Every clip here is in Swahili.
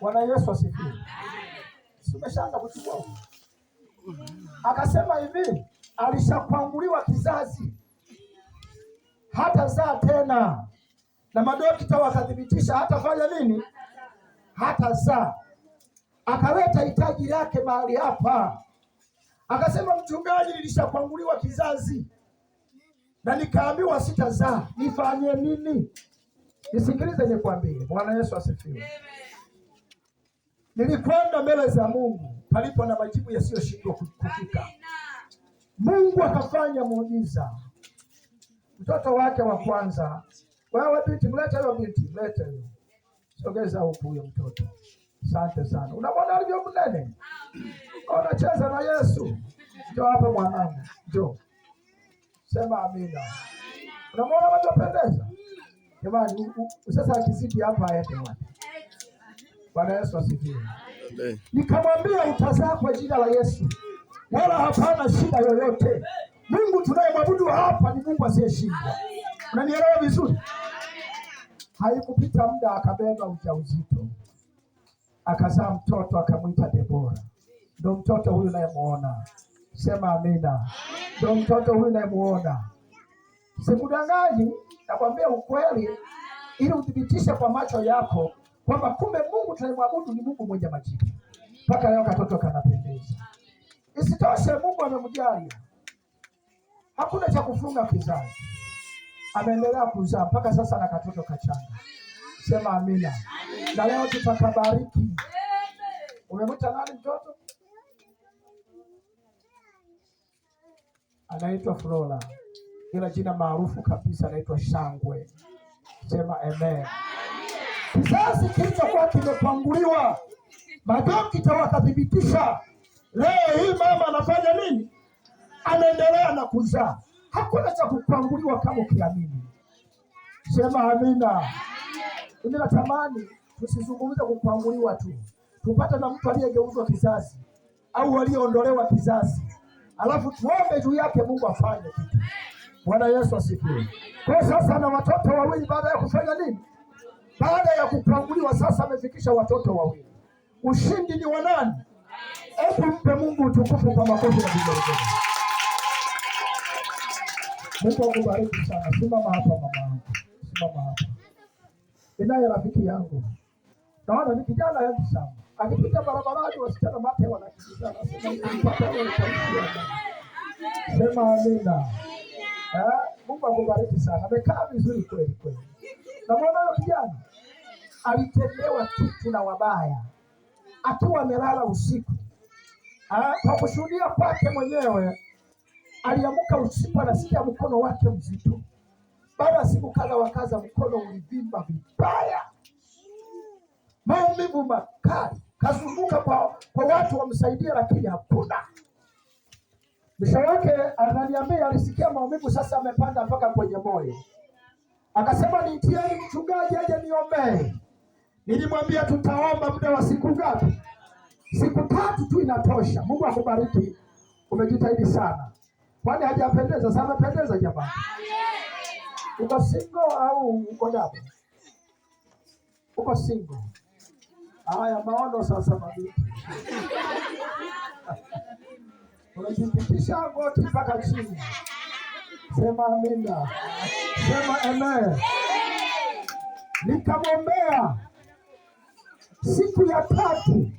Bwana Yesu asifiwe. umeshaanza kuchukua? Akasema hivi, alishapanguliwa kizazi hata zaa tena, na madokta wakathibitisha hatafanya nini, hata zaa. Akaleta hitaji lake mahali hapa, akasema mchungaji, nilishapanguliwa kizazi na nikaambiwa sitazaa, nifanye nini? Nisikilize nikwambie. Bwana Yesu asifiwe. Nilikwenda mbele za Mungu palipo na majibu yasiyoshindwa kufika. Mungu akafanya muujiza. Mtoto wake wa kwanza, wewe binti, mlete huyo binti, mlete huyo, sogeza huku huyo mtoto. Asante sana. Unamwona alivyo mnene, anacheza na Yesu. Njoo hapa mwanangu, njoo, sema amina. Unamwona anavyopendeza Jamani, sasa akizidi hapa aende wapi? Bwana Yesu asifiwe. Nikamwambia utazaa kwa jina la Yesu, wala hapana shida yoyote. Mungu tunayemwabudu hapa ni Mungu asiyeshinda. Unanielewa vizuri? Haikupita muda akabeba ujauzito, akazaa mtoto, akamwita Debora. Ndo mtoto huyu nayemuona, sema amina. Ndo mtoto huyu nayemuona, sikudanganyi. Nakwambia ukweli ili uthibitishe kwa macho yako kwamba kumbe Mungu tunayemwabudu ni Mungu mmoja majibu. Mpaka leo katoto kanapendeza. Isitoshe, Mungu amemjalia, hakuna cha kufunga kizazi, ameendelea kuzaa mpaka sasa na katoto kachanga. Sema amina. Na leo tutakabariki. Umemwita nani mtoto? Anaitwa Flora. Ila jina maarufu kabisa naitwa shangwe. Sema amen. Kizazi kilichokuwa kimepanguliwa bado kitawakathibitisha. Leo hii mama anafanya nini? Anaendelea na kuzaa. Hakuna cha kupanguliwa kama ukiamini. Sema amina. Mimi natamani tusizungumze kupanguliwa tu, tupate na mtu aliyegeuzwa kizazi au aliyeondolewa kizazi, alafu tuombe juu yake Mungu afanye kitu. Bwana Yesu asifiwe. Kwa sasa na watoto wawili baada ya kufanya nini? Baada ya kupanguliwa sasa amefikisha watoto wawili. Ushindi ni wa nani? Hebu mpe Mungu utukufu kwa makofi na vigelegele. Mungu akubariki sana. Simama hapa mama yangu. Simama hapa. Inaye rafiki yangu. Naona ni kijana yangu sana. Akipita barabarani wasichana mapya wanakimbizana. Sema amina. Mungu akubariki sana, amekaa vizuri kweli kweli. Namwona huyo kijana alitendewa kitu na wabaya akiwa amelala usiku. Kwa kushuhudia kwake mwenyewe, aliamka usiku, anasikia mkono wake mzito. Baada ya siku kadha mkono ulivimba vibaya, maumivu makali, kazunguka kwa, kwa watu wamsaidia lakini hakuna Mwisho wake ananiambia alisikia maumivu, sasa amepanda mpaka kwenye moyo. Akasema nitieni mchungaji aje niombee. Nilimwambia tutaomba muda wa siku ngapi? Siku tatu tu inatosha. Mungu akubariki, umejitahidi sana. Kwani hajapendeza sana? Amependeza jamani. Uko singo au uko dabo? Uko singo. Haya, maono sasa mabiki Ukimpitisha goti mpaka chini, sema amina, sema amen. Nikamwombea siku ya tatu.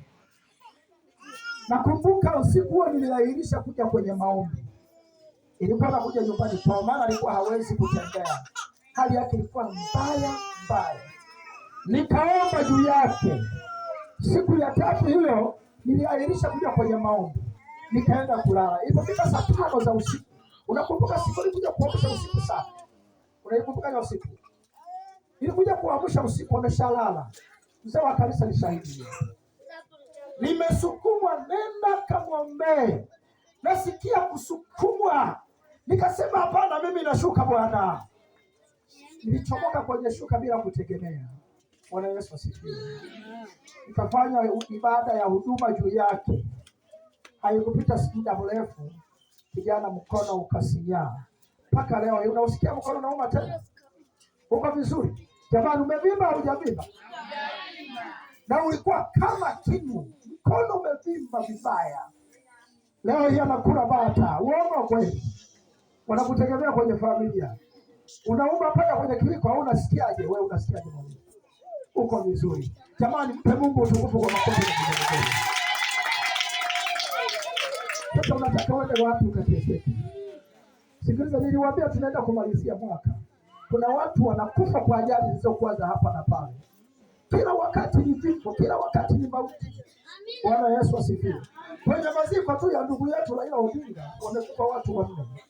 Nakumbuka usiku huo niliahirisha kuja kwenye maombi, ilikuwa nakuja nyumbani kwa maana alikuwa hawezi kutembea, hali yake ilikuwa mbaya mbaya. Nikaomba juu yake siku ya tatu hiyo, niliahirisha kuja kwenye maombi nikaenda kulala. Ilipofika saa tano za usiku, unakumbuka siku ilikuja kuamsha usiku sana, unaikumbuka usiku ilikuja kuamsha usiku, wameshalala. Mzee wa kanisa ni shahidi, nimesukumwa nenda kamwombee. Nasikia kusukumwa, nikasema hapana, mimi nashuka Bwana. Nilichomoka kwenye shuka bila kutegemea. Bwana Yesu asifiwe. Nikafanya ibada ya huduma juu yake haikupita muda mrefu, kijana mkono ukasinyaa. Mpaka leo eh, unausikia mkono unauma tena. Uko vizuri jamani? Umevimba au hujavimba? Na ulikuwa kama kimu, mkono umevimba vibaya. Leo hii anakula bata. Uongo kweli? Wanakutegemea kwenye familia, unauma mpaka kwenye kiwiko. Au unasikiaje wewe? Unasikiaje? Uko vizuri jamani? Mpe Mungu utukufu kwa makofi. Utaona wapi utateseka. Sikiliza, niliwaambia tunaenda kumalizia mwaka. Kuna watu wanakufa kwa ajali zilizokuwa za hapa na pale. Kila wakati ni vifo, kila wakati ni mauti. Bwana Yesu asifiwe. Kwenye maziko tu ya ndugu yetu Raila Odinga wamekufa watu wanne,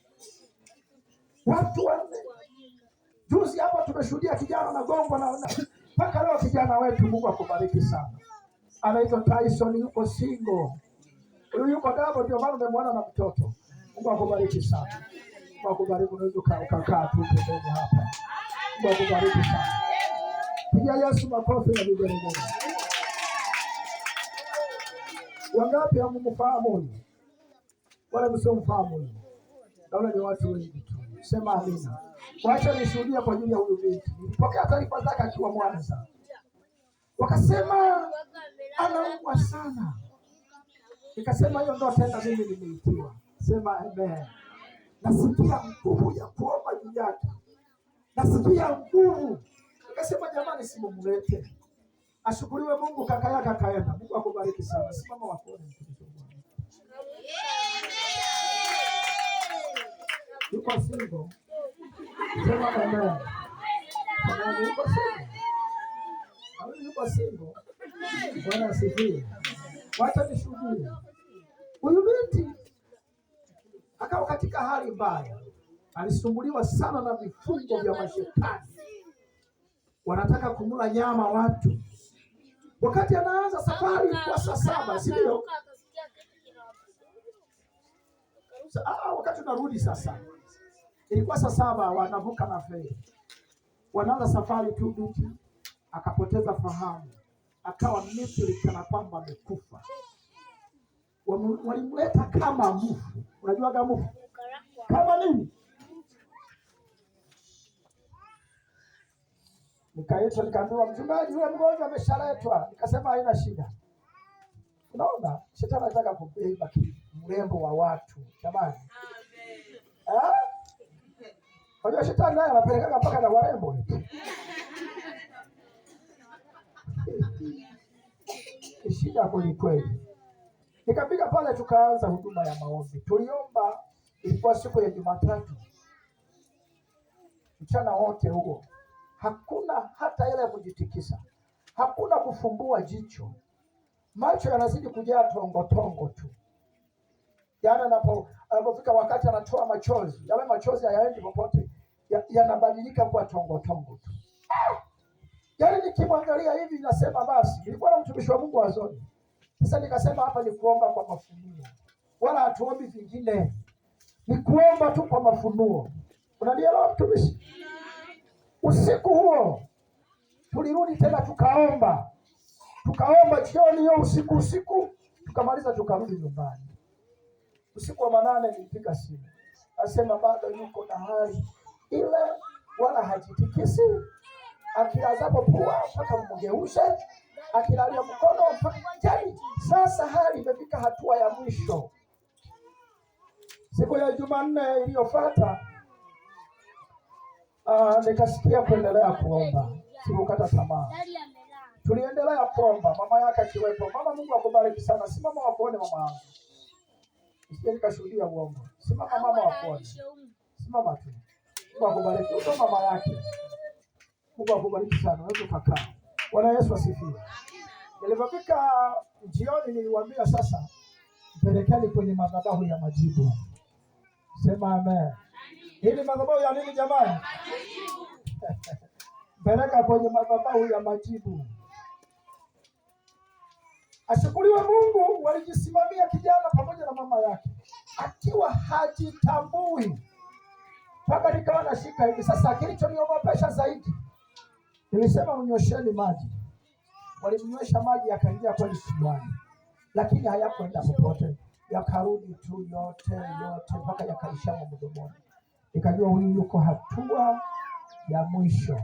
watu wanne. Juzi hapa tumeshuhudia kijana nagongwa na mpaka leo kijana wetu, Mungu akubariki sana, anaitwa Tyson, yuko single Huyu yuko dabo, ndio maana umemwona na mtoto. Mungu akubariki sana. Mungu akubariki, unaweza ukakaa tu pembeni hapa. Mungu akubariki sana. Pigia Yesu makofi na biblia moja. Wangapi hamumfahamu? Wala msiomfahamu. Naona ni watu wengi tu. Sema amina. Wacha nishuhudie kwa ajili ya huyu binti. Nilipokea taarifa zake akiwa Mwanza. Wakasema anaumwa sana Nikasema hiyo ndio tena mimi nimeitiwa. Sema amen. Nasikia nguvu ya kuomba juu yake, nasikia nguvu. Nikasema jamani, simumlete ashukuriwe Mungu, kaka yake akaenda. Mungu akubariki sana. Simama wakuone wa Bwana. Yuko single? Sema amen. Yuko single? Yuko single? Bwana asifiwe wacha nishuhudie. Huyu binti akawa katika hali mbaya, alisumbuliwa sana na vifungo vya mashetani, wanataka kumula nyama watu. Wakati anaanza safari kwa saa saba, si ndio? Ah, wakati unarudi sasa, ilikuwa saa saba, wanavuka na feri, wanaanza safari tu, binti akapoteza fahamu akawa Misri kana kwamba amekufa. Walimleta kama mfu. Unajua kama mfu kama nini? Nikaitwa nikaambiwa, mchungaji, yule mgonjwa ameshaletwa. Nikasema haina shida. Unaona, shetani anataka kubeba mrembo wa watu jamani. Amen. Ah? Unajua shetani naye anapelekaga mpaka na warembo shida kweli kweli. Nikafika pale tukaanza huduma ya maombi, tuliomba. Ilikuwa siku ya Jumatatu mchana wote huo, hakuna hata ile ya kujitikisa, hakuna kufumbua jicho, macho yanazidi kujaa tongotongo tu. Yaani anapofika wakati anatoa machozi, yale machozi hayaendi popote, yanabadilika kuwa tongotongo tu. Yaani nikimwangalia hivi nasema basi, nilikuwa na mtumishi wa Mungu wazoni. Sasa nikasema hapa ni kuomba kwa mafunuo, wala hatuombi vingine, ni kuomba tu kwa mafunuo. Unanielewa mtumishi? Usiku huo tulirudi tena tukaomba, tukaomba jioni hiyo, usiku usiku, tukamaliza tukarudi nyumbani. Usiku wa manane nilipiga simu, asema bado yuko na hali ile, wala hajitikisi akila zako pua mpaka mgeushe, akilalia mkono mpaka jani. Sasa hali imefika hatua ya mwisho. Siku ya Jumanne iliyofuata ah, nikasikia kuendelea kuomba, sikukata tamaa, tuliendelea kuomba, mama yake akiwepo. Mama, Mungu akubariki sana. Simama wakuone mama yangu, sije nikashuhudia uongo. Simama mama wakuone, simama tu, Mungu akubariki. Uso mama yake Mungu akubariki sana, wewe ukakaa. Bwana Yesu asifiwe. Nilipofika jioni, niliwaambia sasa mpelekeni kwenye madhabahu ya majibu. Sema amen. Hii ni madhabahu ya nini jamani? Mpeleka kwenye madhabahu ya majibu. Ashukuriwe Mungu, walijisimamia kijana pamoja na mama yake akiwa hajitambui mpaka nikawa nashika hivi sasa. Kilichoniogopesha zaidi Nilisema mnyosheni maji, walimnywesha maji yakaingia kweli kinywani, lakini hayakwenda popote, yakarudi tu yote yote mpaka yakaishama mdomoni. Nikajua huyu yuko hatua ya mwisho.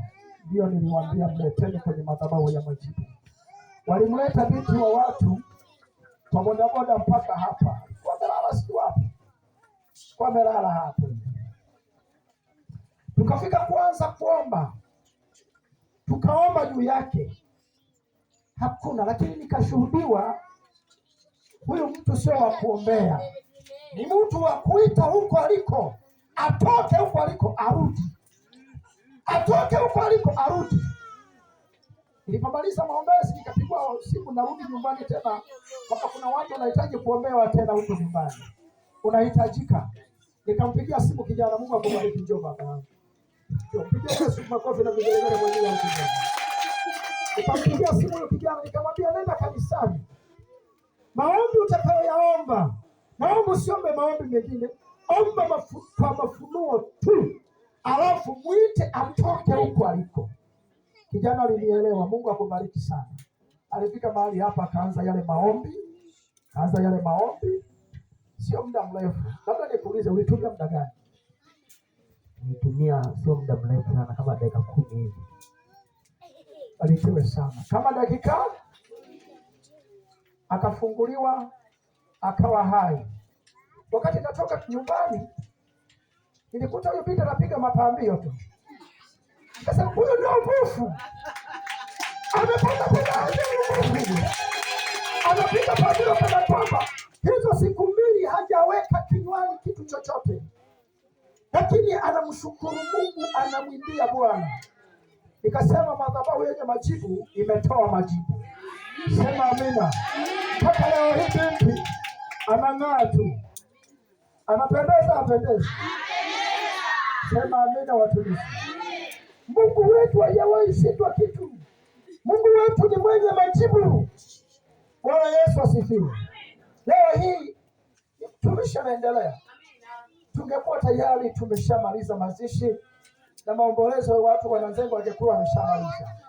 Ndiyo niliwaambia mleteni kwenye madhabahu ya majibu. Walimleta binti wa watu kwa bodaboda mpaka hapa, wamelala si wapi, wamelala hapo. Tukafika kuanza kuomba tukaomba juu yake, hakuna. Lakini nikashuhudiwa huyu mtu sio wa kuombea, ni mtu wa kuita huko aliko, atoke huko aliko arudi, atoke huko aliko arudi. Nilipomaliza maombezi nikapigwa simu, narudi nyumbani tena, kwamba kuna watu wanahitaji kuombewa tena huko nyumbani, unahitajika. Nikampigia simu kijana, Mungu akubariki, njoo baba yangu Mpigia Yesu makofi na vigelegele kwa ajili ya mtu. Nikampigia simu huyo kijana nikamwambia, nenda kanisani, maombi utakayoyaomba, naomba usiombe maombi mengine, omba mafu, kwa mafunuo tu, alafu mwite atoke huko aliko. Kijana alinielewa. Mungu akubariki sana. Alifika mahali hapa akaanza yale maombi, kaanza yale maombi, sio muda mrefu. Labda nikuulize, ulitumia muda gani? nitumia sio muda mrefu sana, kama dakika kumi hivi. Alitewe sana kama dakika, akafunguliwa akawa hai. Wakati natoka nyumbani, nilikuta huyu Pita anapiga mapambio tu, Sasa huyu ndio mpofu anapiga pambio kana kwamba hizo siku mbili hajaweka kinywani kitu chochote lakini anamshukuru Mungu, anamwimbia Bwana. Nikasema madhabahu yenye majibu imetoa majibu. Sema amina. Mpaka leo hii binti anang'aa tu, anapendeza, apendeza. Sema amina, watumishi. Mungu wetu hajawahi shindwa kitu. Mungu wetu ni mwenye majibu. Bwana Yesu asifiwe. Leo hii mtumishi anaendelea tungekuwa tayari tumeshamaliza mazishi na maombolezo, watu wananzengo wangekuwa wameshamaliza.